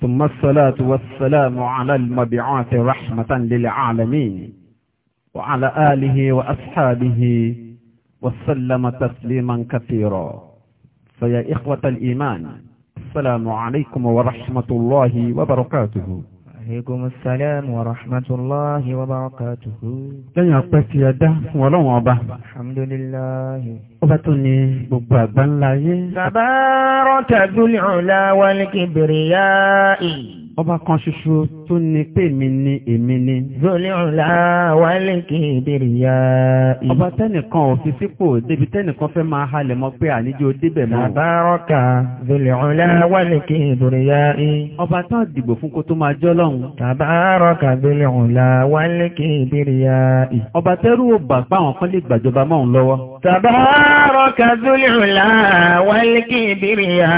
ثم الصلاة والسلام على المبعوث رحمة للعالمين وعلى آله وأصحابه وسلم تسليما كثيرا فيا إخوة الإيمان السلام عليكم ورحمة الله وبركاته alaikum salam wa rahmatullahi wa barakatuhu. lẹ́yìn ọpẹ́ tí ẹ dá fún ọlọ́run ọba. alhamdulillahi. ọba tó ní gbogbo àgbá ńlá yé. tabaraka dhul ula wal kibriya. ọba kan ṣoṣo tún ni pé mi ni èmi ni. Zoli ọ̀la wálé kì í bèrè ya. Ọba tẹ́nìkan ò fi sípò débi tẹ́nìkan fẹ́ máa halẹ̀ mọ́ pé àníjó débẹ̀ mọ́. Tàbárọ̀kà zoli ọ̀la wálé kì í bèrè ya. Ọba tán dìgbò fún kó tó máa jọ́ lọ́hùn. Tàbárọ̀kà zoli ọ̀la wálé kì í ya. Ọba tẹ́rù ò bà pa kan lè gbàjọba mọ́ òun lọ́wọ́. Tàbárọ̀kà zoli ọ̀la wálé kì í ya.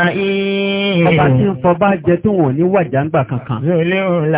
Ọba tí ń fọ bá jẹ tó wọn ní wàjà ńgbà kankan. Zoli ọ̀la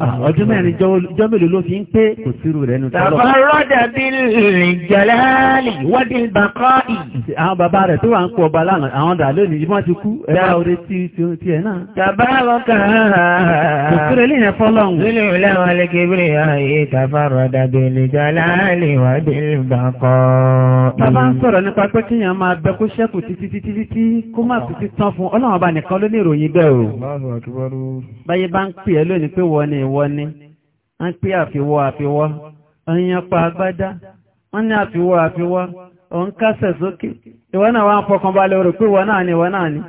Ah, ọdún mẹ́rin jọ mélòó ló fi ń pé kò sírù rẹ̀ nù tọ́lọ̀. bàbá rọ́dà bí jẹ̀láàlì wọ́dí bàkọ́ ì. àwọn bàbá rẹ̀ tó wà ń pọ̀ ọba lánàá àwọn dà lónìí wọ́n ti kú ẹ̀rọ orí tí tí náà. bàbá wọn kà á. kò wọ́dí bàkọ́ bàbá ń sọ̀rọ̀ nípa pé kíyàn máa bẹ kó ṣẹ́kù títí títí títí kó má fi ti tán fún ọlọ́run ọba nìkan ló ìròyìn bẹ́ẹ̀ o. báyé bá ń pè é lónìí pé wọ́n ni àfiwọ́ ní a ń pé àfiwọ́ àfiwọ́ ọ̀yàn pa agbádá wọ́n ní àfiwọ́ àfiwọ́ ò ń kásẹ̀ sókè ìwọ náà wá ń fọkàn balẹ̀ orò pé ìwọ náà ni ìwọ náà ni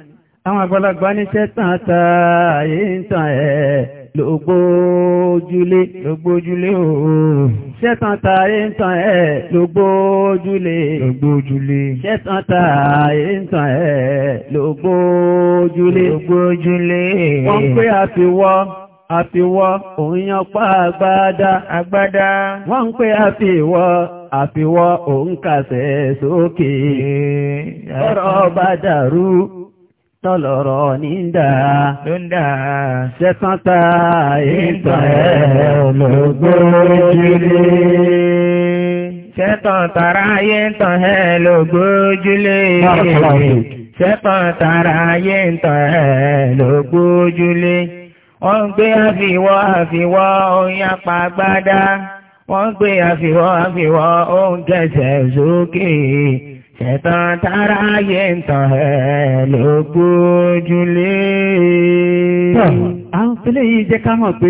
àwọn àgbàlagbà níṣẹ́ tàn tààyè ń tàn tààyè ń tàn ẹ̀ lògbójúlé lògbójúlé wọ́n pé àfiwọ́ àfiwọ́ òun yan pa àgbádá àgbádá wọ́n ń pè àfiwọ́ àfiwọ́ òun kàsẹ̀ sókè ọ̀rọ̀ bá dàrú tọ́lọ̀rọ̀ ní ń dà ṣẹ́tọ́ta ìtọ̀ ẹ̀ lọ́gbọ́júlé ṣẹ́tọ̀ ayé ń tàn ẹ̀ lọ́gbọ́júlé ṣẹ́tọ̀ tàrá ayé ń tàn ẹ̀ lọ́gbọ́júlé wọ́n ń gbé àfìwọ́ àfìwọ́ oyin apá agbádá wọ́n ń gbé àfìwọ́ àfìwọ́ oúnjẹsẹ̀ sókè ṣẹ̀tàn tára ayé ń tàn ẹ́ lógójúlé. àwọn tẹ́lẹ̀ yìí jẹ́ ká mọ̀ pé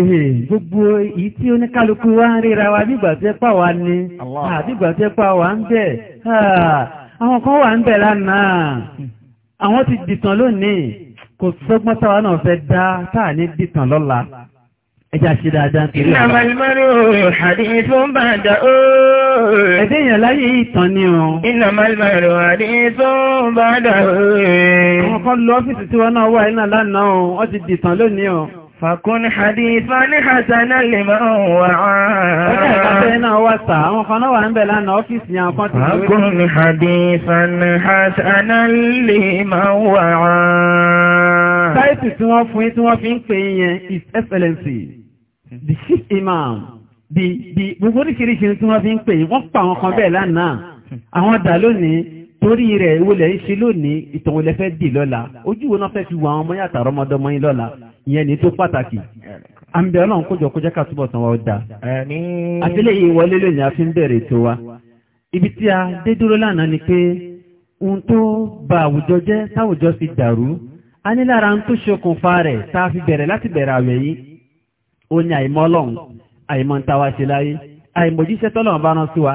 gbogbo èyí tí oníkálukú wá ń ríra wa bígbà tẹ́ pà wá ní àbígbà tẹ́ pà wá ń bẹ̀ àwọn kan wà ń bẹ̀ lánàá hmm. àwọn ti dìtàn lónìí kò sọ́gbọ́n táwa náà fẹ́ dá táà ní dìtàn lọ́la ẹjá ṣe dáadáa torí ọ̀la. ìnáwó ìmọ̀rò hadithun ba'da ó. ẹ̀dẹ́ èèyàn láyé ìtàn ni o. ìnáwó ìmọ̀rò hadithun ba'da ó. àwọn kan lọ ọ́fíìsì tí wọ́n náà wà iná lánàá o wọ́n ti o. Fàkún hadìfà ní Hassan Liman wà áàrùn. Ó jẹ́ ìgbàfẹ́ náà wà sáà, àwọn kan náà wà ń bẹ̀ lánàá ọ́fíìsì yàn kan ti lórí. Fàkún hadìfà ní Hassan Liman wà áàrùn. Táìtì tí wọ́n fún yín wọ́n fi ń pè yẹn His Excellency, the Chief Imam, the gbogbo oríṣiríṣi tí wọ́n fi ń pè wọ́n pa àwọn kan bẹ́ẹ̀ lánàá. Àwọn dà lónìí torí rẹ̀ ìwọlẹ̀ ń ṣe lónìí ìtàn ìyẹn ní tó pàtàkì àmì ọlọ́run kójọ kó jẹ́ ká túbọ̀ tán wa ó dáa àtẹ́lẹ̀ yìí wọlé lónìí a fi ń bẹ̀rẹ̀ ètò wa ibi tí a dé dúró lánàá ni pé ohun tó ba àwùjọ jẹ́ táwùjọ sì dàrú a ní lára ń tó ṣokùnfà rẹ̀ tá a fi bẹ̀rẹ̀ láti bẹ̀rẹ̀ àwẹ̀ yìí ó ní àìmọ̀ ọlọ́run àìmọ̀ ń ta wa ṣe láyé àìmọ̀jíṣẹ́ tọ́lọ́run bá rán sí wa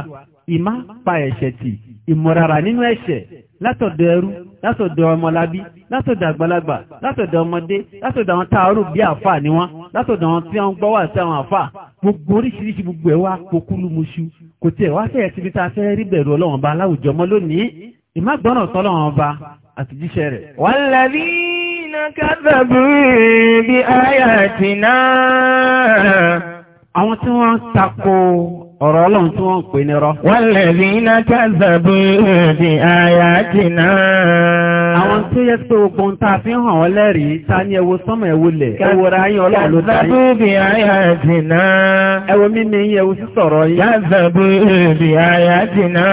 ìmá pa ẹ̀ṣẹ̀ tì ìmọ̀rara nínú ẹ̀ṣẹ̀ látọ̀dọ̀ ẹrú látọ̀dọ̀ ọmọlábí látọ̀dọ̀ àgbàlagbà látọ̀dọ̀ ọmọdé látọ̀dọ̀ àwọn táàrù bí àfà ní wọn látọ̀dọ̀ àwọn tí wọ́n gbọ́wà sí àwọn àfà gbogbo oríṣiríṣi gbogbo ẹ̀wà pokúlù muṣu kò tiẹ̀ wá fẹ́ẹ̀ síbi tá a fẹ́ rí bẹ̀rù ọlọ́wọ́n ba láwùjọ mọ́ lónìí ìmágbọ́nà tọ́lọ́wọ́n ba àtijíṣẹ́ rẹ̀. wọ́n tako ọ̀rọ̀ ọlọ́run tí wọ́n ń pè nírọ́. wọ́n lè rí iná kẹ́sàbù di àyà jìnnà. àwọn tó yẹ pé ogun tá a fi hàn ọ́ lẹ́rìí ta ni ẹwo sánmọ̀ ẹwo lẹ̀. ẹwọ́ra ayé ọlọ́run ló ta yín. kẹ́sàbù di àyà jìnnà. ẹwo mímí yín ẹwo sísọ̀rọ̀ yín. kẹ́sàbù di àyà jìnnà.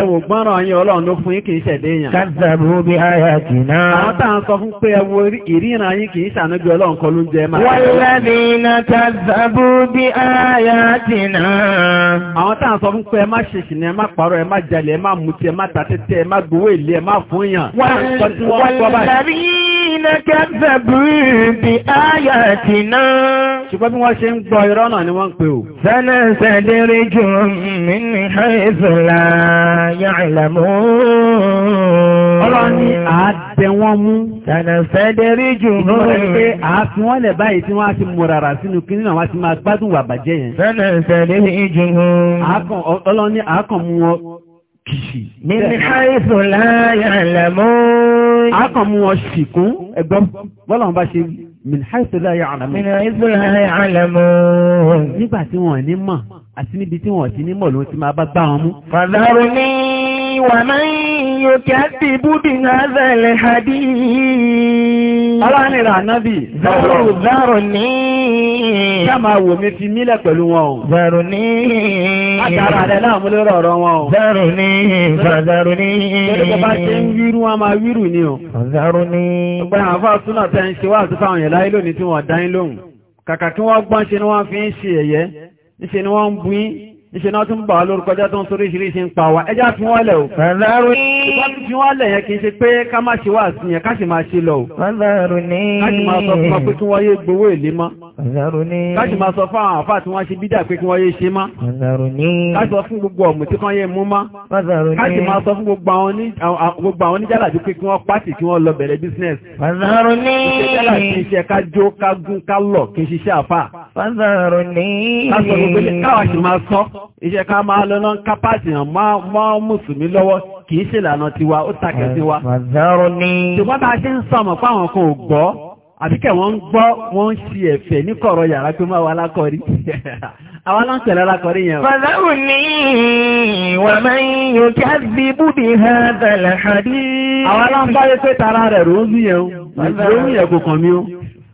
ẹwo gbọ́nràn yín ọlọ́run ló fún yín kì í ṣẹ̀dẹ̀ yàn. kẹ́sàbù di àyà gan. àwọn tá à ń sọ fún ẹ má ṣe ṣìnà ẹ má parọ́ ẹ má jalè ẹ má mutí ẹ má ta tẹ́tẹ́ ẹ má gbowó èlé ẹ má fún yàn. wàlẹ́rìnà kẹ́sẹ̀bù bí ayà tì ṣùgbọ́n bí wọ́n ṣe ń gbọ́ irọ́ ni wọ́n ń pè ó ní àádẹ wọn mú. Tẹ̀lẹ̀fẹ́dẹ́rí jù mọ́ pé àáfi wọ́n lẹ̀ báyìí tí wọ́n á ti mọ̀ràrà sínú kí nínú àwọn ti máa gbádùn wà bàjẹ́ yẹn. Tẹ̀lẹ̀fẹ́dẹ́rí jù mọ́. Ọlọ́ni àákàn mú wọn kìsì. Mímí háìsù láyà lẹ̀mú. Àákàn mú wọn ṣìkún ẹgbọ́n bọ́lá wọn bá ṣe min háìsù láyà àlẹ̀mú. Min háìsù láyà àlẹ̀mú. Nígbà tí wọ́n ní mọ̀ àti níbi tí wọ́n ti ní mọ̀ ló ti máa bá gbá wọn mú. Fàdárù ní wàmáyé. يكذب بهذا الحديث Aláàrin rà náàbì, zàrò ní. Ká máa wò mi fi mílẹ̀ pẹ̀lú wọn o. Zàrò ní. Àtàrà rẹ̀ náà mú lérò ọ̀rọ̀ wọn o. Zàrò ní, zàrò ní. Lórí bá ṣe ń wírú wọn máa wírù ni o. Zàrò ní. Gbogbo àwọn afọ́ súnà tẹ́ ń ṣe wá àti fáwọn yẹn láyé lónìí tí wọ́n dá ń lóhùn. Kàkà kí wọ́n gbọ́n ṣe ni wọ́n fi ń ṣe ẹ̀yẹ́, ń ṣe ni wọ́n ń buín níṣẹ́ náà tún bà lórúkọjá tó ń sorí ṣiríṣi ń pa wa ẹjá fi wọ́n lẹ̀ ò fi wọ́n lẹ̀ yẹn kìí ṣe pé ká má ṣe wà sí yẹn ká sì máa ṣe lọ Ọ̀zọ̀rù ní káàkì máa sọ fún wọn pé kí wọ́n yé gbowó èlé mọ́. Ọ̀zọ̀rù ní káàkì máa business. Ọ̀zọ̀rù ní ìṣẹ́jàlà kì í ṣe ká jó ká gún ká lọ̀ kì í ṣiṣẹ́ àfà. Ọ̀zọ̀rù ní káàkì lọ́nà kápáàtì hàn mọ́ mùsùlùmí lọ́wọ́ kì ṣe ìlànà tiwa ó takẹ̀ sí wa. ṣùgbọ́n bá a ṣe ń sọmọ̀ fáwọn kan ò gbọ́ àbíkẹ́ wọ́n ń gbọ́ wọ́n ń ṣe ẹ̀fẹ̀ ní kọ̀rọ̀ yàrá pé máa wà lákọ̀rí àwọn aláǹtẹ̀lẹ̀ lákọ̀rí yẹn wọ́n. fàdáwù ní máa ń yóò kí á di búbi ha bẹ̀lẹ̀ àdí. àwọn aláǹbáyé pé tara rẹ̀ rò ó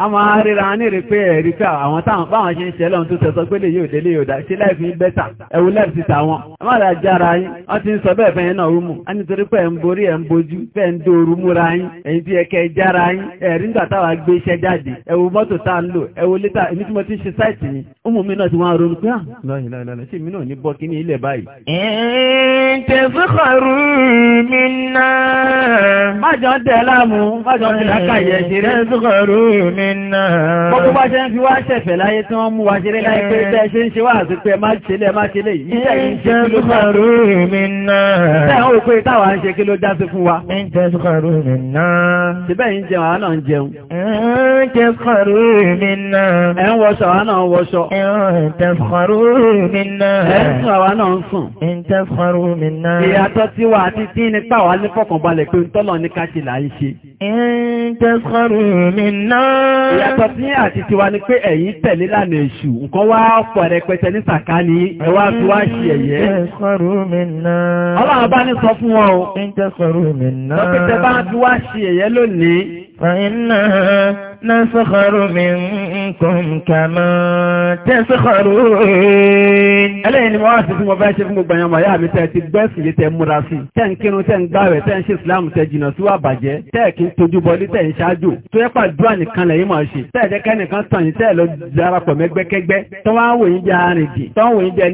a máa ríra ní rí pé ẹ̀rí pé àwọn táwọn báwọn ṣe ń ṣe lọ́n tó tẹ́sọ pé lè yóò délé yóò dá ṣe láìfí bẹ́tà ẹ̀wù láìfí ti tàwọn a máa rà jára yín wọ́n ti ń sọ bẹ́ẹ̀ fẹ́yìn náà rúmù a nítorí pé ẹ̀ ń borí ẹ̀ ń bojú fẹ́ ń dóoru múra yín ẹ̀yìn tí ẹ̀kẹ́ jára yín ẹ̀rí ń gbàtàwà gbé iṣẹ́ jáde ẹ̀wù mọ́tò tá ń lò ẹ̀wù lítà èmi tí mo ti ń ṣe sáìtì yìí ọmọ mi náà ti wọ́n ronú pé à lọ́yìn lọ́yìn lọ́yìn ṣé mi náà ní bọ́ kí Májọ dẹ̀ láàmú, májọ ti lákàyẹ̀ eh, ṣeré. Ṣé ṣúkọ̀rú mi náà? Gbogbo bá ṣe ń fi wá ṣẹ̀fẹ̀ láyé tí wọ́n mú wa ṣeré láyé pé bẹ́ẹ̀ ṣe ń ṣe wá àti pé máa ṣe lẹ̀ máa ṣe lè yìí. Eh, Ṣé ṣúkọ̀rú mi náà? Ṣé àwọn òpin táwa ń ṣe kí ló dá sí fún wa? Ṣé ṣúkọ̀rú mi náà? Ṣé bẹ́ẹ̀ ń jẹun, àwọn náà ń jẹun. Ṣé ṣúkọ̀rú mi náà? Ẹ ń wọṣọ, àwọn náà ń wọṣọ. Ṣé ṣúkọ̀rú mi náà? Ẹ ń sùn, àwọn náà ń sùn. Ṣé eh, ṣúkọ̀rú káṣe là ń ṣe. ìjẹsọ̀rọ̀ mi sí àti tiwa ni pé ẹ̀yin tẹ̀lé lànà èṣù nǹkan wá pọ̀ rẹpẹtẹ ní sàkání ẹ wá fi wá ṣe ẹ̀yẹ. ọlọ́run bá ní sọ fún wọn o. lọ́pẹ̀tẹ̀ bá fi wá ṣe ẹ̀yẹ lónìí. نسخر منكم كما تسخرون ẹlẹ́yìn ni wọ́n á sì fún ọba ẹṣẹ́ fún gbogbo ẹ̀yàn màá yá mi tẹ́ ń kírun tẹ́ ń gbààwẹ̀ Islam tẹ́ jìnà sí wà bàjẹ́ tẹ́ kí ń tojú bọlé tẹ́ ń ṣáájú tó yẹ pa dúà nìkan lẹ́yìn máa ṣe tẹ́ ẹ̀jẹ̀ kẹ́nìkan tàn yín tẹ́ lọ darapọ̀ mẹ́gbẹ́kẹ́gbẹ́ tó wá ń wò yín jẹ́ arìndì tó ń wò yín jẹ́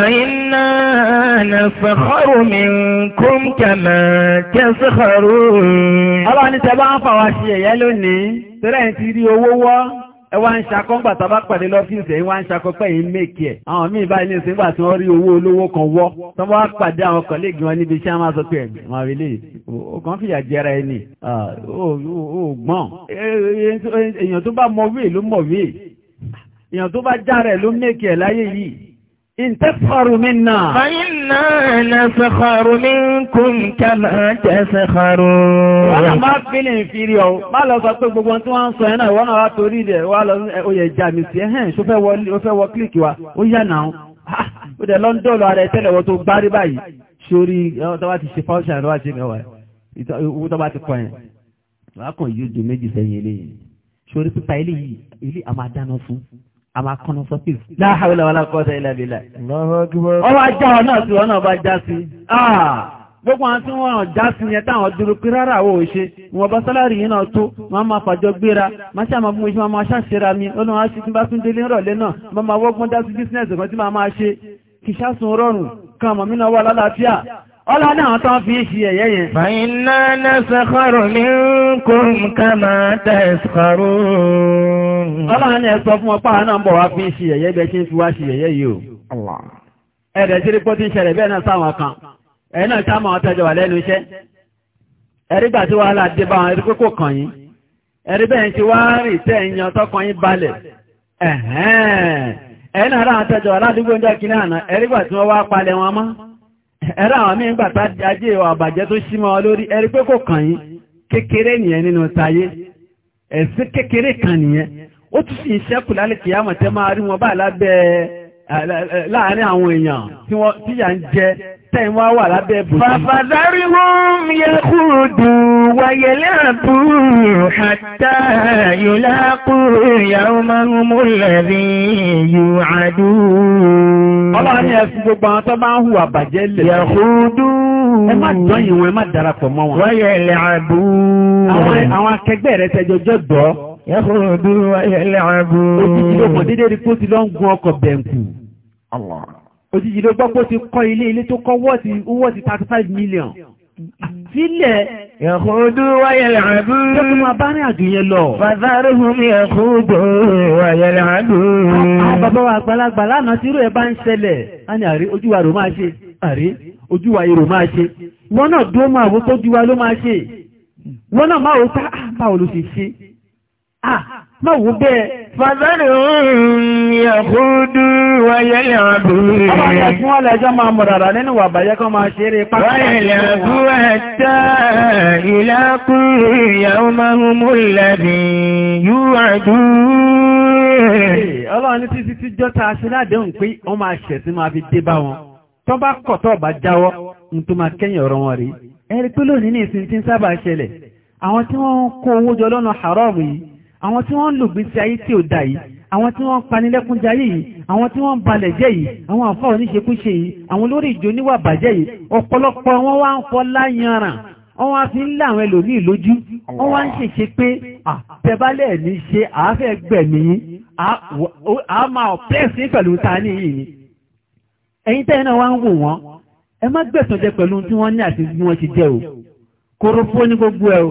ẹni tí إنا نفخر منكم كما تسخرون الله أنت بقى فواشية يا لوني ترى أنت دي ẹwà ń ṣakọ́ ń gbàtà bá pàdé lọ́fíìsì ẹ̀wà ń ṣakọ́ pé yìí mẹ́kì ẹ̀ àwọn míì bá ilé ìsìnkú àti wọ́n rí owó olówó kan wọ́ tó bá pàdé àwọn kọ̀lẹ́gì wọn níbi iṣẹ́ máa sọ pé ẹ̀gbọ́n rí lè ó kàn fìyà jẹra ẹni ó gbọ́n e, e, e, èèyàn tó bá mọ̀wé ló mọ̀wé èèyàn tó bá jára ẹ̀ ló mẹ́kì ẹ̀ láyé yìí انتسخروا منا فإنا نسخر منكم كما تسخرون وانا ما فيلين فيريو ما لو sọ pé gbogbo tí wọ́n sọ ena wọ́n wá torí de wá lọ ó yẹ já mi sí eh so fẹ́ wọ ó fẹ́ wọ click wa ó yá now ó de london lọ are tẹ́lẹ̀ wo tó gbárí báyìí sórí tó bá ti ṣe function ló wá ṣe mi wa owó tó bá ti ko yẹn wa kon yuju méjì sẹ́yìn eléyìí sórí pípa eléyìí ilé a máa dáná fún àmà kọ́nà sọ́fíì láhàwílà wà lákọ́ọ́sẹ̀ ilẹ̀ ìbílẹ̀. ọwọ́ ajá wọn náà sí wọn já sí ah! gbogbo àwọn tí wọ́n já sí yẹn táwọn dúró pé rárá ò ṣe ìwọ̀n bá sálárì yìí náà tó wọ́n máa fàjọ gbéra máa ṣe àmọ́ bí mo máa ṣàṣẹ́ra mi aṣí tí bá tún délé rọ̀lẹ́ náà máa wọ́gbọ́n dá sí kan tí máa máa ṣe rọrùn kan Ọla náà tán fi ń ṣe ẹ̀yẹ́ yẹn. Fàyínà náà sàkọrò ní kòm kàmà tẹ̀sàkọrò. Ọlá ní sọ fún ọpá náà bọ̀ wá fi ń ṣe ẹ̀yẹ́ bẹ́ẹ̀ tí ń fi wá ṣe ẹ̀yẹ́ o. Ẹ̀rẹ̀ tí rí ti ṣẹlẹ̀ bẹ́ẹ̀ náà sáwọn kan. Ẹ̀ náà máa tẹjọ wà lẹ́nu iṣẹ́. tí wàhálà dé bá wọn, ẹ̀rí kàn yín. Ẹ̀rí bẹ́ẹ̀ ẹ̀rọ àwọn mí ń gbàtà ajé ìwà àbàjẹ́ tó símọ́ lórí ẹ̀rí pé kò kàn yín kékeré nìyẹn nínú tayé ẹ̀sìn kékeré kan nìyẹn ó tún sì ń ṣẹ́kù lálẹ́ kìyàmọ̀ tẹ́ máa rí wọn báyìí lábẹ́ láàárín àwọn èèyàn tí wọ́n ń jẹ tẹ́yìn wá wà lábẹ́ ẹ̀bùn. Fàfàdárí wọ́n yẹ kúròdù wáyé láàbù àtà yóò láàkú ìyàwó máa ń mú lẹ́rí yóò àdú. Ọlọ́run ni ẹ̀sùn gbogbo àwọn tó bá ń hùwà bàjẹ́ lẹ̀. Yẹ Ẹ má jọyìn wọn, ẹ má darapọ̀ mọ́ wọn. Wáyé láàbù. Àwọn akẹgbẹ́ rẹ̀ tẹjọ jọ dọ́. Yẹ kúròdù wáyé Ó ti ti òjijì ló gbọ́gbó ti kọ́ ilé ilé tó kọ́ wọ́ọ̀tí 35 million sílẹ̀ ẹ̀kúndú wáyẹ̀lẹ̀ àdú tó tó máa bá ní àdúyẹ lọ fàzárùhùn ẹ̀kúndú wáyẹ̀lẹ̀ àdú bàbá wa àgbàlagbà lánàá tí irú ẹ̀ bá ń ṣẹlẹ̀ a ní àrí ojúwa rò máa ṣe àrí ojúwa èrò máa ṣe wọ́n náà dúró máa wó tó júwa ló máa ṣe wọ́n náà máa wó tá ah, báwo ló ṣe ṣe ah, Ma wù bẹ́ẹ̀. Fàbẹ́rẹ̀ oòrùn yàkúdú wáyé àbú. Ọmọ àgbà tí wọ́n lẹ́jọ́ máa mọ̀ràrà nínú wà bàyẹ́ kan máa ṣe eré pápá. Wáyé àbú ẹ̀tà ìlàkú ìyàwó máa ń mú ìlàdì yúwàdú. Ọlọ́run ní títí tí jọ́ta aṣe ládéhùn pé wọ́n máa ṣẹ̀ sí máa fi dé bá wọn. Tọ́ bá kọ̀ tọ́ bá jáwọ́, ń tó máa kẹ́yìn ọ̀rọ̀ wọn rí. Ẹ̀rí pé lónìí ní ìsìn tí ń sábà ṣẹlẹ̀. Àwọn tí wọ́n kó owó jọ lọ́nà haramu yìí, àwọn tí wọ́n ń lògbésí ayé tí ò dá yìí àwọn tí wọ́n ń panilẹ́kúnjayé yìí àwọn tí wọ́n ń balẹ̀ jẹ́ yìí àwọn àfá oníṣekúṣe yìí àwọn olórí ìjọ níwà bàjẹ́ yìí ọ̀pọ̀lọpọ̀ wọn wá ń fọ́ láyanràn wọ́n wá fi ń lá àwọn ẹlòmíì lójú wọ́n wá ń ṣèṣe pé àtẹ̀bálẹ̀ ní ṣe àáfẹ́ gbẹ̀mí a máa pẹ́ẹ̀sì pẹ̀lú ta ní yìí ni ẹ̀yin tẹ́yìn náà wá ń wò wọ́n ẹ má gbẹ̀sán jẹ pẹ̀lú tí wọ́n ní àti bí wọ́n ti jẹ́ o kòròfó ní gbogbo ẹ o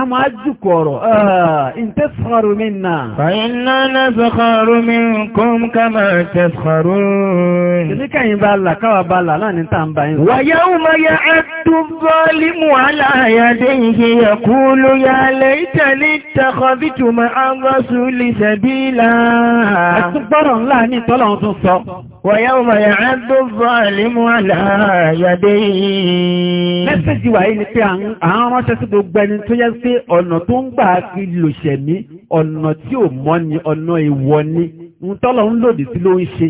a máa jùkọ ọ̀rọ̀ ìntẹ́sọ̀rù mi náà. fàyínà náà sọ̀kọ̀rù mi kún kama tẹ́sọ̀rù. ìdíkẹ̀yìn bá là káwà bá là náà ní tàǹbà yìí. wàyá ọmọ ya àtúbọ̀ límù aláyàdé ìṣe ẹ̀kú ló yà lẹ́yìntà ní ويوم يعد الظالم على يديه mẹ́sẹ̀jì wà yìí ni pé àwọn ránṣẹ́ sí gbogbo ẹni tó yẹ sí ọ̀nà tó ń gbà fi lòṣẹ̀mí ọ̀nà tí ò mọ́ ni ọ̀nà ìwọ ni ntọ́lọ̀ ń lòdì sí ló ń ṣe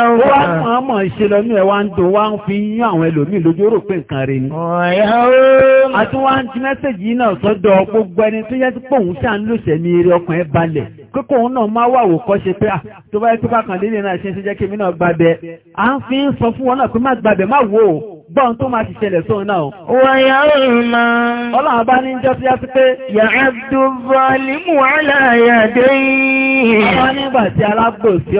ó wá mọ̀ mọ̀ ṣe lọ ní ẹwà ń dùn wá ń fi yín àwọn ẹlòmíì lójú rò pé nǹkan rẹ̀ ni àti wá ń ti mẹ́sẹ̀jì náà sọ́dọ̀ gbogbo ẹni tó yẹ sí pòun ṣáà ń lòṣẹ̀mí eré ọkàn ẹ̀ balẹ̀ kókò òun náà máa wà wòkọ́ ṣe pé tó bá yẹ tó bá náà ṣe ń ṣe jẹ́ kí èmi náà gbàbẹ̀ à ń fi ń sọ fún wọn náà pé má gbàbẹ̀ má wò ó gbọ́n tó máa ti sóun náà. wọ́yá òmà. ọlọ́run bá ní jọ́ síyá sí pé. yàrá dùbọ̀ aláyàdé yìí. ọlọ́run nígbà tí alágbòsí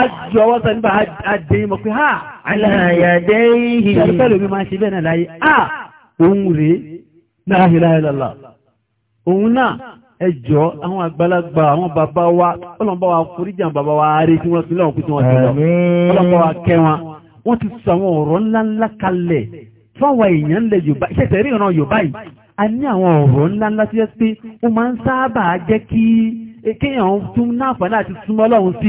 Àjọwọ́ sọ nípa àdéyìn mọ̀ pé ha, aláyàdé yìí. Ṣẹ̀rẹ̀fẹ́lò mi máa ṣe bẹ́ẹ̀ náà láyé, à, òun rèé, la ilaha illallah. Òun náà, ẹjọ́, àwọn àgbàlagbà, àwọn bàbá wa, ọlọ́mbà wa foríjà bàbá wa rí tí wọ́n ti lọ́wọ́ kú tí wọ́n ti lọ. Ọlọ́mbà wa kẹ́ wọn, wọ́n ti sọ àwọn ọ̀rọ̀ ńláńlá kalẹ̀ fáwọn àwọn ọ̀rọ̀ ńláńlá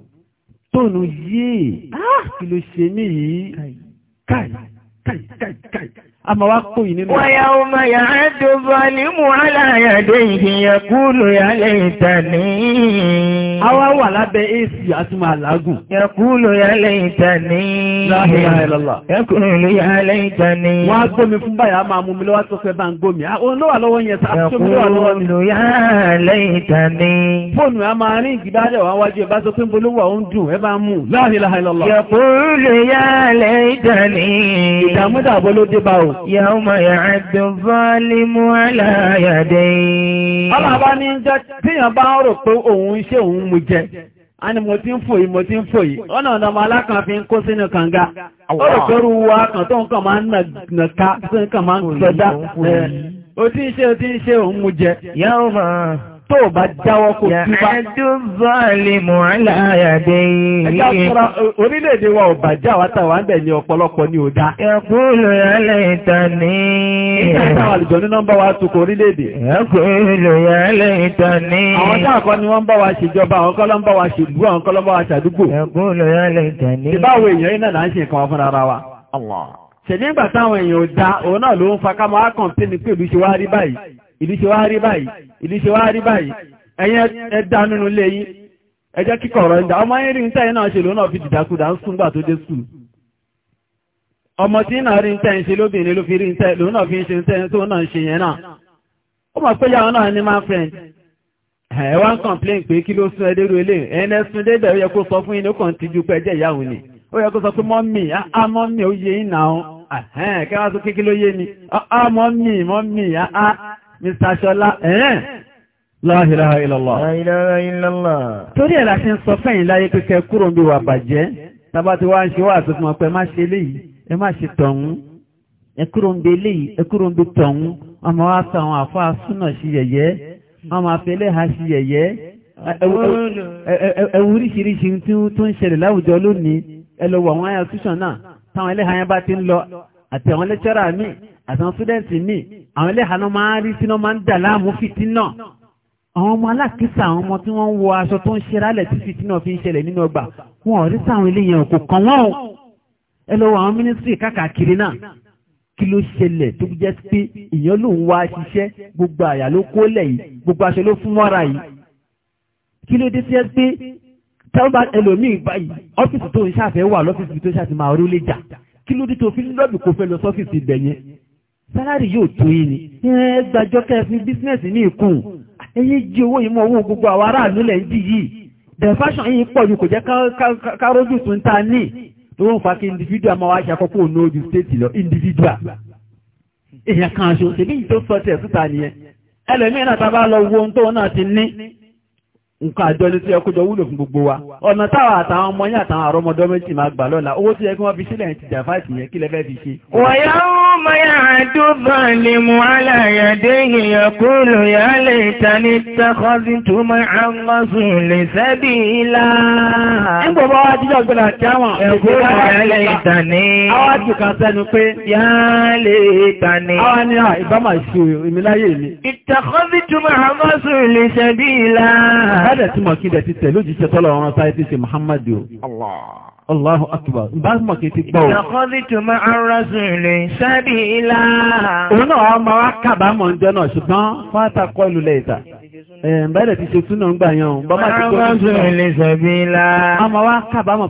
tóònù yìí ah! kí ló ṣe mí yìí káì káì káì káì a ma wá kó yìí nínú. wáyà ọmọ yàrá tó bá ní mú aláyàdé ìhìyàn kúrò yálẹ̀ ìtàní. a wá wà lábẹ́ èsì àti máa làágùn. yàkúrò yálẹ̀ ìtàní. láhìlá ìlọ́lá. yàkúrò yálẹ̀ ìtàní. wọ́n á gbómi fún báyà máa mú mi lọ́wọ́ tó fẹ́ bá ń gbómi. òun ló wà lọ́wọ́ Yawma ya'addu zalimu ala yadayhi. Ọlọ́ba ní jẹ́ tíyàn bá ń rò pé òun ṣe òun mú jẹ. A ni mo ti ń fòyí, mo ti ń fòyí. Ọ̀nà ọ̀nà fi ń kó sínú kànga. Ó kan tó nǹkan máa ń nàka, tó O ti tó o bá jáwọ́ kò tí bá. Yàtú bọ́ọ̀lì mọ́lá àyàdé yìí. Ẹja fúnra orílẹ̀-èdè wa ò bàjẹ́ àwọn àtàwọn àbẹ̀ ní ọ̀pọ̀lọpọ̀ ní òdá. Ẹ̀kúlù yálẹ̀ ìtàní. Ìtàkà àlùjọ ní nọ́mbà wa tukọ̀ orílẹ̀-èdè. Ẹ̀kúlù yálẹ̀ ìtàní. Àwọn táà kan ni wọ́n bá wa ṣèjọba, àwọn kọ́ ló ń bá wa ṣèlú, àwọn kọ́ ló ń bá wa ṣàdúgbò. Ẹ̀kúlù yálẹ̀ ìtàní. Ìbáwo èèyàn iná là ń ṣe nǹkan wọn fúnra ara wa. Allah. Ṣèdí ìgbà táwọn èèyàn ò da, òun náà ló ń fa ká máa kàn pé ní pẹ̀lú ṣe wá rí báyìí ìlú ṣe wá rí báyìí ìlú ṣe wá rí báyìí ẹ̀yin ẹ̀dá nínú ilé yín ẹjẹ́ kíkọ̀ ọ̀rọ̀ ẹ̀dá ọmọ yín rí níta yín náà ṣe ló náà fi dìdákudà ń sùn gbà tó dé sùn ọmọ tí náà rí níta yín ṣe lóbìnrin ló fi rí níta ló náà fi ń ṣe níta yín tó náà ṣe yẹn náà ó mọ̀ pé yàrá náà ní máa friend ẹ wá ń complain pé kí ló sún ẹ dérú ilé ẹ̀yin ẹ̀sùn débẹ̀ ó yẹ kó sọ fún yín ló kàn ti ju pé ẹjẹ́ ìyá òun ni ó yẹ kó sọ pé Mr. Ṣọlá ẹ̀ẹ́n láàrínláà ìlọ́lá. Torí ẹ̀lá ṣe ń sọ fẹ́yìn láyé pẹ́kẹ́ kúrò ń bí wà bàjẹ́, tàbá ti wá ń ṣe wà tó fún ọpẹ́ má ṣe léyìí, ẹ má ṣe tọ̀hún, ẹ kúrò ń bí léyìí, ẹ kúrò ń bí tọ̀hún, ọmọ wa sọ àwọn àfáà súnà sí yẹ̀yẹ́, ọmọ afẹ́lẹ́ ha sí yẹ̀yẹ́, ẹwú oríṣiríṣi tó ń ṣẹlẹ̀ láwùjọ lónìí, ẹ lọ wọ àtàwọn fúdẹ́ǹtì ní àwọn ilé ìhànà máa ń rí sínú máa ń dà láàmú fìtínà àwọn ọmọ alákìísà àwọn ọmọ tí wọ́n ń wọ aṣọ tó ń ṣe rálẹ̀ tí fìtínà fi ń ṣẹlẹ̀ nínú ọgbà wọn ò rí sáwọn ilé yẹn kò kàn wọ́n o ẹ lọ wọ àwọn mínísírì káàkiri náà kí ló ṣẹlẹ̀ tó jẹ́ pé ìyẹn ló ń wá ṣiṣẹ́ gbogbo àyà ló kólẹ̀ yìí gbogbo aṣọ ló fún mọ́ra yìí kí ló dé sí pé tẹ́lọ́bà ẹlòmíì báyìí ọ́fíìsì tó ń ṣàfẹ́ wà lọ́fíìsì tó ṣàtìmọ̀ orílẹ̀-èdè kí ló dé tó fi lọ́bì kó fẹ́ lọ sọ́fíìsì ibẹ̀ sálárì yóò tó yìí ni ẹ gbàjọ́ kẹfì bísínẹ́sì ní ìkùn ẹyẹ jí owó ìmọ̀ owó gbogbo àwọn aráàlú lẹ̀ ń jì yìí the fashion yìí pọ̀ ju kò jẹ́ kárójú tún ta ní tó ń fa kí individual máa wá ṣàkọ́kọ́ òun ojú kan aṣọ tó sọ tẹ̀ síta nìyẹn a bá lọ wo ohun tóun náà ti ní nǹkan àjọ ní tí ẹ kójọ wúlò fún gbogbo wa ọ̀nà táwọn àtàwọn ọmọ yín àtàwọn àrọ́mọdọ́mẹ́sì يوم يعد الظالم على يديه يقول يا ليتني اتخذت مع الرسول سبيلا يقول يا ليتني يا ليتني اتخذت مع الرسول سبيلا هذا تمكيدة التلوج شطلع ونصائف محمد الله Allahu akbar. Bá mọ̀ kí ti gbọ́. Ìyàkọ́dí tó máa ń rọ́sùn lè sábì ilá. Òun náà máa wá kábàámọ̀ ń jẹ́ ṣùgbọ́n fáta kọ́ ìlú lẹ́ta. Bẹ́ẹ̀rẹ̀ ti ṣe túnà ń gbà yan. Bọ́mọ̀ ti kọ́ rọ́sùn lè sábì máa wá kábàámọ̀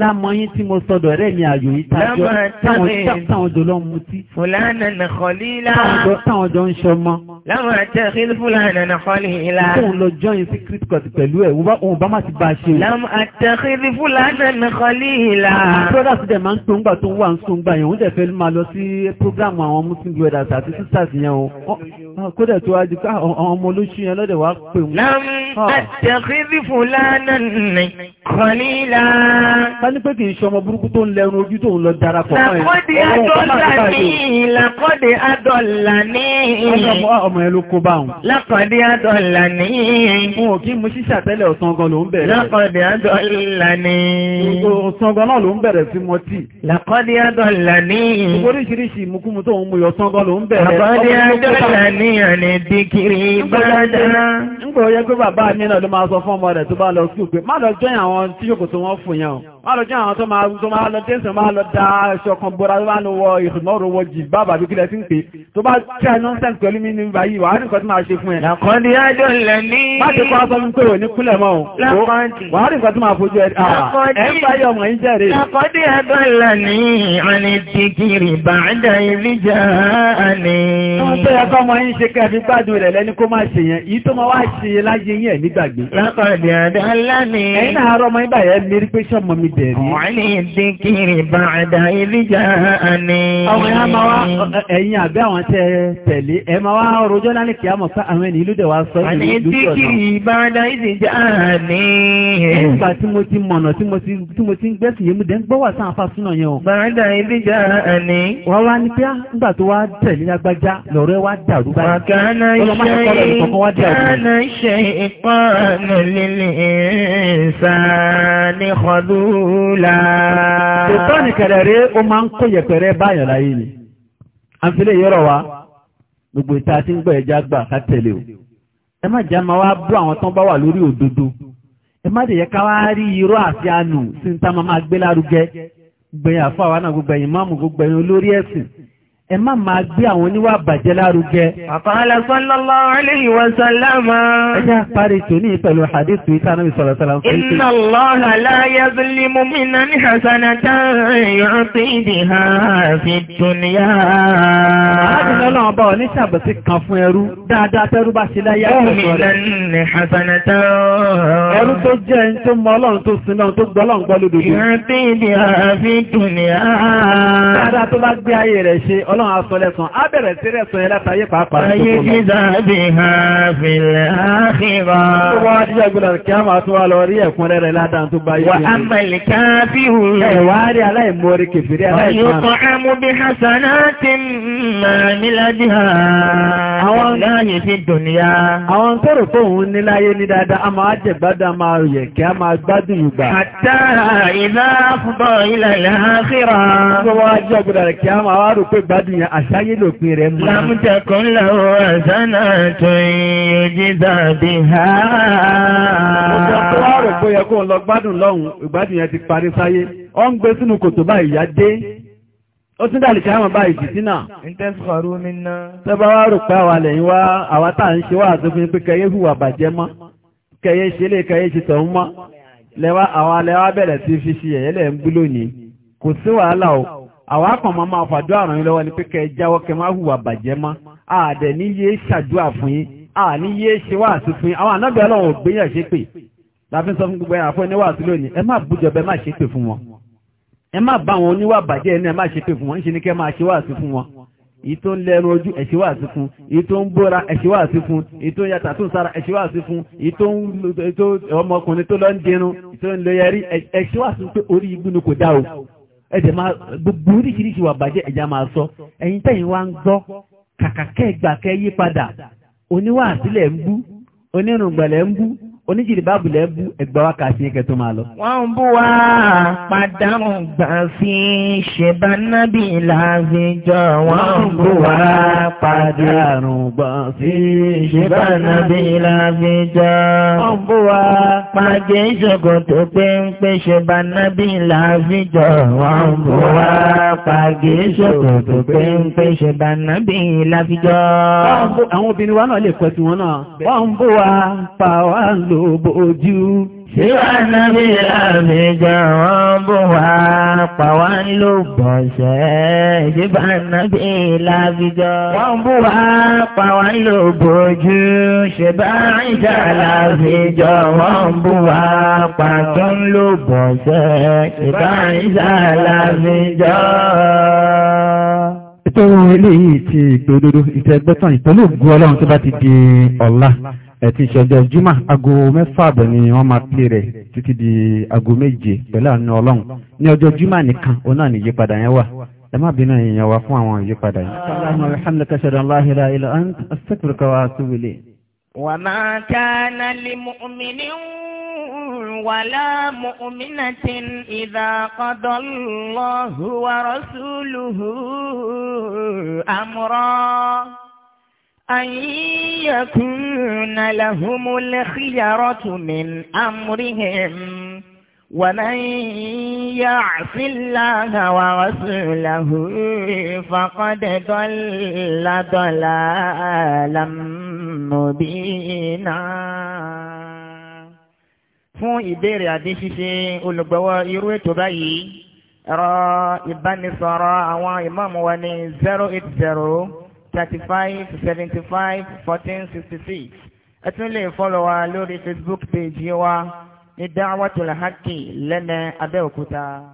lámọ́yín tí mo sọ́dọ̀ rẹ̀ ní ààyò yìí tájọ́ táwọn jọ lọ mú tí. fúlànà nàkọ́lí ilá. táwọn jọ ń ṣọmọ. láwọn àtẹ́rí fúlànà nàkọ́lí ilá. tóun tó ńgbà ká àwọn ọmọ olóṣù yẹn lọ́dẹ̀ wá pè wọ́n. láwọn ah. àtẹ́rí fúlànà nàkọ́lí ilá ká ní pé kì í ṣe ọmọ burúkú tó ń lẹ́run ojú tó ń lọ darapọ̀ mọ́ ẹ̀. làkọ́dé adọ́là ní làkọ́dé adọ́là ní. ọmọ ẹ ló kó bá wọn. làkọ́dé adọ́là ní. wọn ò kí mú ṣíṣà tẹ́lẹ̀ ọ̀sán gan ló ń bẹ̀rẹ̀. làkọ́dé adọ́là ní. ọ̀sán gan náà ló ń bẹ̀rẹ̀ sí mọtì. làkọ́dé adọ́là ní. oríṣiríṣi ìmukúmu tó ń mu yọ ọ̀sán gan ló ń bẹ̀rẹ̀. làkọ́dé adọ́là ní àní dìkìrì bàdàrà. ń gbọ́ yẹ pé bàbá mi náà ló máa sọ fún ọmọ rẹ̀ tó bá lọ sí òpin má lọ jọyìn àwọn tíyòkòtò wọn fún yẹn o wọ́n lọ jẹ́ àwọn tó máa tó máa lọ dẹ́sẹ̀ máa lọ da aṣọ kan bọ́ra tó bá lọ wọ ìrìnàrò wọ jì bàbà bí kílẹ̀ sí ń pè tó bá jẹ́ nọ́ńsẹ̀ǹsì pẹ̀lú mi ní báyìí wà á rí nǹkan tó máa ṣe fún ẹ. làkọ́ndí ájò lẹ̀ ní. má ti kọ́ aṣọ fún pé ò ní kúlẹ̀ mọ́ o. làkọ́ndí. wà á rí nǹkan tó máa fojú dẹ̀rí. Wàlí ìdíkiri bàdà ìdíjà ni. Àwọn ẹ̀yà máa wá ẹ̀yìn àbí àwọn tẹ tẹ̀lé ẹ̀ máa wá rojọ́ lálẹ́ kí á mọ̀ fún àwọn ènìyàn ìlú wá sọ ìlú ìjọ náà. Wàlí ìdíkiri bàdà ìdíjà ni. Nígbà tí mo ti mọ̀nà tí mo ti ń gbẹ́sìn yé mu dẹ̀ ń gbọ́ wà sáà fa súnà yẹn o. Bàdà ìdíjà ni. Wọ́n wá ní pé nígbà tó wá tẹ̀lé lágbájá lọ́rẹ́ wá dàrú báyìí. Wàkánà rọ̀súlá. Ṣètọ́ nìkẹ̀lẹ̀ rí o ma ń kó yẹpẹrẹ báyàn láyé ni. A ń yọrọ wa, gbogbo ìta tí ń gbọ́ ẹja gbà ká tẹ̀lé o. Ẹ má jẹ́ wá bú àwọn tán bá wà lórí òdodo. Ẹ má dẹ̀ yẹ ká wá rí irú àti sí ẹ má máa gbé àwọn oníwà bàjẹ́ lárugẹ. Àfààlà sallallahu alayhi wa sallam. Ẹ jẹ́ parí tò ní pẹ̀lú hadith ìta náà sọ̀rọ̀ sọ̀rọ̀ fún ìpín. Inna Allaha la yazlimu minan hasanatan yu'tiha fi dunya. Láti lọ́nà ọba ọ̀ ní ṣàbọ̀sí kan fún ẹrú. Dáadáa tẹ́rú bá ṣe láyé àkọ́kọ́ rẹ̀. Minan hasanatan. Ẹrú tó jẹ́ ẹni tó mọ Ọlọ́run tó sin náà tó gbọ́ Ọlọ́run gbọ́ lódodo. Yu'tiha fi dunya. Dáadáa tó bá gbé ayé rẹ̀ ṣe Ọlọ́run ọlọ́run asọ́lẹ́sàn á bẹ̀rẹ̀ sí rẹ̀sàn ẹ látàyé pàápàá. ayé ti tó bá ní láyé ní dáadáa a máa jẹ̀gbádùn a máa yẹ̀ kí a máa gbádùn ìgbà. àtà ìlà fúbọ̀ ìlà ìlà àkìrọ̀. ó wá díjà kí a máa rò pé gbádùn sí yẹn àṣáyé lòpin rẹ̀ mú. lámùtẹ̀kùn lọ́wọ́ àṣánà tó yọjí dàbí ha. ọjọ́ tó wá yẹ kó lọ gbádùn lọ́hùn ìgbádùn yẹn ti parí sáyé ó ń gbé sínú kòtò báyìí yá dé ó tún dàlì káàmù báyìí jì sínà. ìtẹ́sùkọ̀rú mi ná. tẹ́bá wá rò pé àwa lẹ́yìn wá àwa tá à ń ṣe wá àtúnfin pé kẹyẹ hùwà bàjẹ́ mọ́ kẹyẹ ṣe lè kẹyẹ ṣe tọ̀ mọ́ lẹ́wà àwa lẹ́wà bẹ̀rẹ̀ sí fi ṣe ẹ̀yẹ́lẹ̀ ń bú lónìí kò sí wàhálà o àwọn akọ̀mọ́ máa fàdó àrùn yín lọ́wọ́ ni pé kẹ́ ẹ jáwọ́ kẹ́ máa hùwà bàjẹ́ mọ́ àdẹ̀ ní yé ṣàdúrà fún yín àní yé ṣe wá àti fún yín àwọn ànábì ọlọ́run ò gbéyàn ṣe pé láfi sọ fún gbogbo ẹ̀yà fún ẹni sí lónìí ẹ má bújọba ẹ má ṣe pé fún wọn ẹ má bá àwọn oníwà bàjẹ́ ẹni ẹ má ṣe pé fún wọn ń ṣe ni kẹ́ máa ṣe wá àti fún wọn èyí tó ń lẹ́nu ojú ẹ̀ṣẹ̀ wà sí fún èyí tó ń bóra ẹ̀ṣẹ̀ wà sí fún èyí tó ń yàtà tó ń sára ẹ̀ṣẹ̀ wà sí fún èyí tó ń ọmọkùnrin tó lọ ń dirun tó ń lọ yẹrí ẹ̀ṣẹ̀ wà sí pé orí igbó kò dá o ẹ̀jẹ̀ máa gbogbo oríṣiríṣi wà bàjẹ́ ẹ̀jẹ̀ máa sọ ẹ̀yin tẹ̀yìn wá ń gbọ́ kàkà kẹ́gbà kẹ́ yí oníwà àtìlẹ̀ ń bú onírùngbẹ̀lẹ̀ ń bú oníjìrì bá bùlẹ̀ bú ẹgbà wá kà sí ẹkẹ tó máa lọ. wọ́n bú wa pàdánù gbà sí ṣẹba nábì láàzíjọ wọ́n bú wa pàdánù gbà sí ṣẹba nábì láàzíjọ wọ́n bú wa pàjẹ́ ìṣògùn tó pé ń pé ṣẹba nábì láàzíjọ wọ́n bú wa pàjẹ́ ìṣògùn tó pé ń pé ṣẹba nábì láàzíjọ. àwọn obìnrin wa náà lè kọ́ tiwọn náà wọ́n bú wa pa wá ń ló bójú. Ṣé ànábì àbíjà wọn bò wá pa wá ló bọ̀ṣẹ́? Ṣé ànábì làbíjọ wọn bò wá pa wá ló bójú? Ṣé àìjà làbíjọ wọn bò wá pa tó ń ló bọ̀ṣẹ́? Ṣé àìjà làbíjọ? Ìtọ́rọ eléyìí ti ìgbòdodo ìtẹ́gbẹ́tàn ìtọ́lógún ọlọ́run tó bá ti di ọ̀la ẹ̀tí ìṣọ̀jọ́ jímà aago mẹ́fà àbọ̀ ni wọ́n máa pè rẹ̀ títí di aago méje pẹ̀lú àánú ọlọ́run ní ọjọ́ jímà nìkan òun náà ní ìyípadà yẹn wà ẹ má bínú èèyàn wa fún àwọn ìyípadà yìí. aláàmú alhamdulilayi ṣẹlẹ aláhìlá ilẹ an asẹkùrù kan wà á tó wele. wà máa ká nálì mọ́mìnì wàlá mọ́mìnàtì ìdá qadallahu wa rasuluhu amra. أن يكون لهم الخيرة من أمرهم ومن يعص الله ورسوله فقد ضل ضلالا مبينا fún ìbéèrè àdé olùgbọ́wọ́ irú ètò báyìí ẹ̀rọ ìbánisọ̀rọ̀ àwọn ìmáàmù wa ní zero eight zero thirty five seventy five fourteen sixty six ẹ tún lè fọ́lọ̀ wa lórí Facebook page wa ní Da'watul Haqqi lẹ́nẹ̀ẹ́ Abẹ́òkúta.